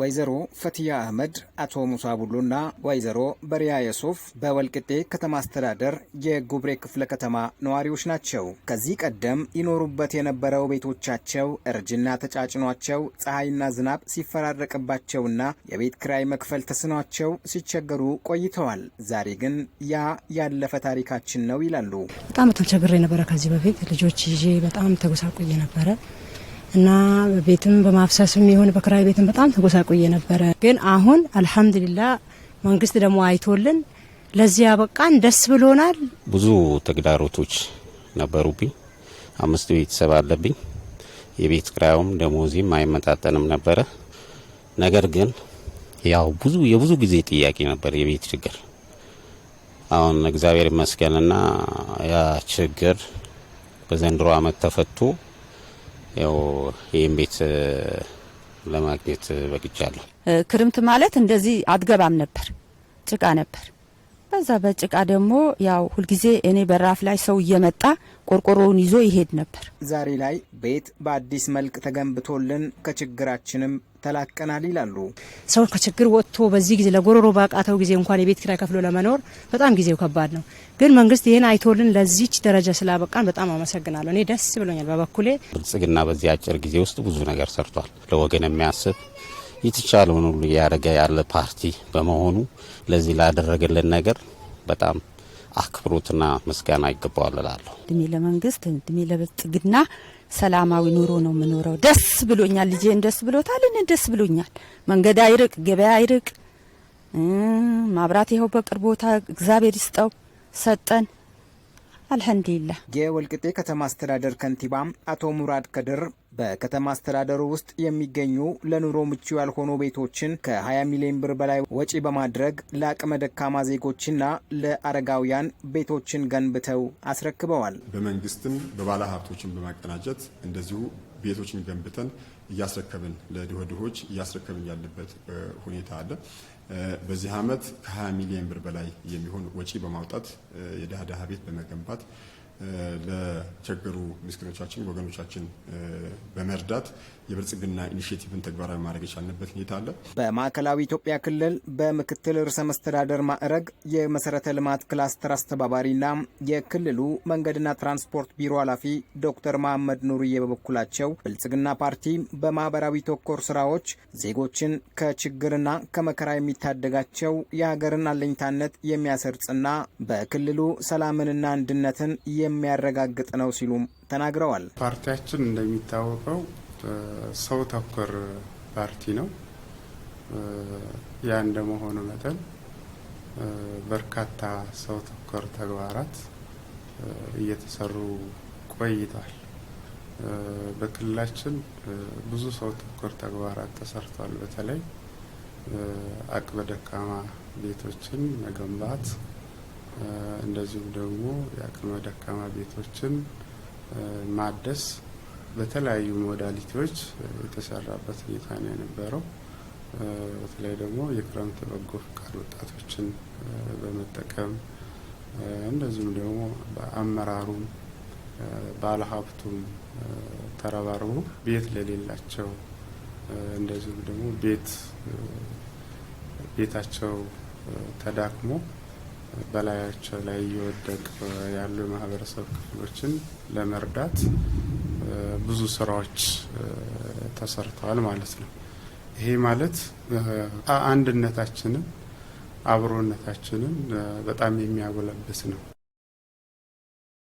ወይዘሮ ፈትያ አህመድ፣ አቶ ሙሳ ቡሉና ወይዘሮ በሪያ የሱፍ በወልቅጤ ከተማ አስተዳደር የጉብሬ ክፍለ ከተማ ነዋሪዎች ናቸው። ከዚህ ቀደም ይኖሩበት የነበረው ቤቶቻቸው እርጅና ተጫጭኗቸው ፀሐይና ዝናብ ሲፈራረቅባቸውና የቤት ክራይ መክፈል ተስኗቸው ሲቸገሩ ቆይተዋል። ዛሬ ግን ያ ያለፈ ታሪካችን ነው ይላሉ። በጣም ተቸግሬ ነበረ። ከዚህ በፊት ልጆች ይዤ በጣም ተጎሳቁዬ ነበረ እና ቤትም በማፍሰስም ይሁን በክራይ ቤትም በጣም ተጎሳቁዬ ነበረ። ግን አሁን አልሐምዱሊላ መንግስት ደግሞ አይቶልን ለዚህ በቃን ደስ ብሎናል። ብዙ ተግዳሮቶች ነበሩብኝ። አምስት ቤተሰብ አለብኝ። የቤት ክራዩም ደሞዜም አይመጣጠንም ነበረ። ነገር ግን ያው ብዙ የብዙ ጊዜ ጥያቄ ነበር የቤት ችግር። አሁን እግዚአብሔር ይመስገንና ያ ችግር በዘንድሮ ዓመት ተፈቶ ያው ይህም ቤት ለማግኘት በቅቻለሁ። ክርምት ማለት እንደዚህ አትገባም ነበር፣ ጭቃ ነበር። በዛ በጭቃ ደግሞ ያው ሁልጊዜ እኔ በራፍ ላይ ሰው እየመጣ ቆርቆሮውን ይዞ ይሄድ ነበር። ዛሬ ላይ ቤት በአዲስ መልክ ተገንብቶልን ከችግራችንም ተላቀናል ይላሉ። ሰው ከችግር ወጥቶ በዚህ ጊዜ ለጎሮሮ ባቃተው ጊዜ እንኳን የቤት ኪራይ ከፍሎ ለመኖር በጣም ጊዜው ከባድ ነው። ግን መንግስት ይህን አይቶልን ለዚች ደረጃ ስላበቃን በጣም አመሰግናለሁ። እኔ ደስ ብሎኛል በበኩሌ። ብልጽግና በዚህ አጭር ጊዜ ውስጥ ብዙ ነገር ሰርቷል። ለወገን የሚያስብ የተቻለውን ሁሉ እያደረገ ያለ ፓርቲ በመሆኑ ለዚህ ላደረገልን ነገር በጣም አክብሮትና ምስጋና ይገባዋል እላለሁ። እድሜ ለመንግስት፣ እድሜ ለብልጽግና። ሰላማዊ ኑሮ ነው የምኖረው። ደስ ብሎኛል። ልጄን ደስ ብሎታል። እኔ ደስ ብሎኛል። መንገድ አይርቅ፣ ገበያ አይርቅ፣ ማብራት ይኸው በቅርብ ቦታ እግዚአብሔር ይስጠው ሰጠን። አልሐምዱሊላህ። የወልቅጤ ከተማ አስተዳደር ከንቲባ አቶ ሙራድ ከድር በከተማ አስተዳደሩ ውስጥ የሚገኙ ለኑሮ ምቹ ያልሆኑ ቤቶችን ከ20 ሚሊዮን ብር በላይ ወጪ በማድረግ ለአቅመ ደካማ ዜጎችና ለአረጋውያን ቤቶችን ገንብተው አስረክበዋል። በመንግስትም በባለ ሀብቶችን በማቀናጀት እንደዚሁ ቤቶችን ገንብተን እያስረከብን ለድሆ ድሆች እያስረከብን ያለበት ሁኔታ አለ። በዚህ ዓመት ከ20 ሚሊዮን ብር በላይ የሚሆን ወጪ በማውጣት የድሃ ድሃ ቤት በመገንባት ለቸገሩ ምስኪኖቻችን ወገኖቻችን በመርዳት የብልጽግና ኢኒሽቲቭን ተግባራዊ ማድረግ የቻልንበት ሁኔታ አለ። በማዕከላዊ ኢትዮጵያ ክልል በምክትል ርዕሰ መስተዳደር ማዕረግ የመሰረተ ልማት ክላስተር አስተባባሪና የክልሉ መንገድና ትራንስፖርት ቢሮ ኃላፊ ዶክተር መሐመድ ኑርዬ በበኩላቸው ብልጽግና ፓርቲ በማህበራዊ ተኮር ስራዎች ዜጎችን ከችግርና ከመከራ የሚታደጋቸው የሀገርን አለኝታነት የሚያሰርጽና በክልሉ ሰላምንና አንድነትን የ የሚያረጋግጥ ነው ሲሉም ተናግረዋል። ፓርቲያችን እንደሚታወቀው ሰው ተኮር ፓርቲ ነው። ያ እንደመሆኑ መጠን በርካታ ሰው ተኮር ተግባራት እየተሰሩ ቆይቷል። በክልላችን ብዙ ሰው ተኮር ተግባራት ተሰርቷል። በተለይ አቅመ ደካማ ቤቶችን መገንባት እንደዚሁም ደግሞ የአቅመ ደካማ ቤቶችን ማደስ በተለያዩ ሞዳሊቲዎች የተሰራበት ሁኔታ ነው የነበረው። በተለይ ደግሞ የክረምት በጎ ፍቃድ ወጣቶችን በመጠቀም እንደዚሁም ደግሞ በአመራሩም ባለሀብቱም ተረባርቦ ቤት ለሌላቸው እንደዚሁም ደግሞ ቤት ቤታቸው ተዳክሞ በላያቸው ላይ እየወደቅ ያሉ የማህበረሰብ ክፍሎችን ለመርዳት ብዙ ስራዎች ተሰርተዋል ማለት ነው። ይሄ ማለት አንድነታችንን አብሮነታችንን በጣም የሚያጎለብት ነው።